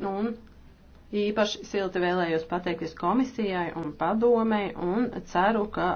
Nu, un īpaši silti vēlējos pateikties komisijai un padomei un ceru, ka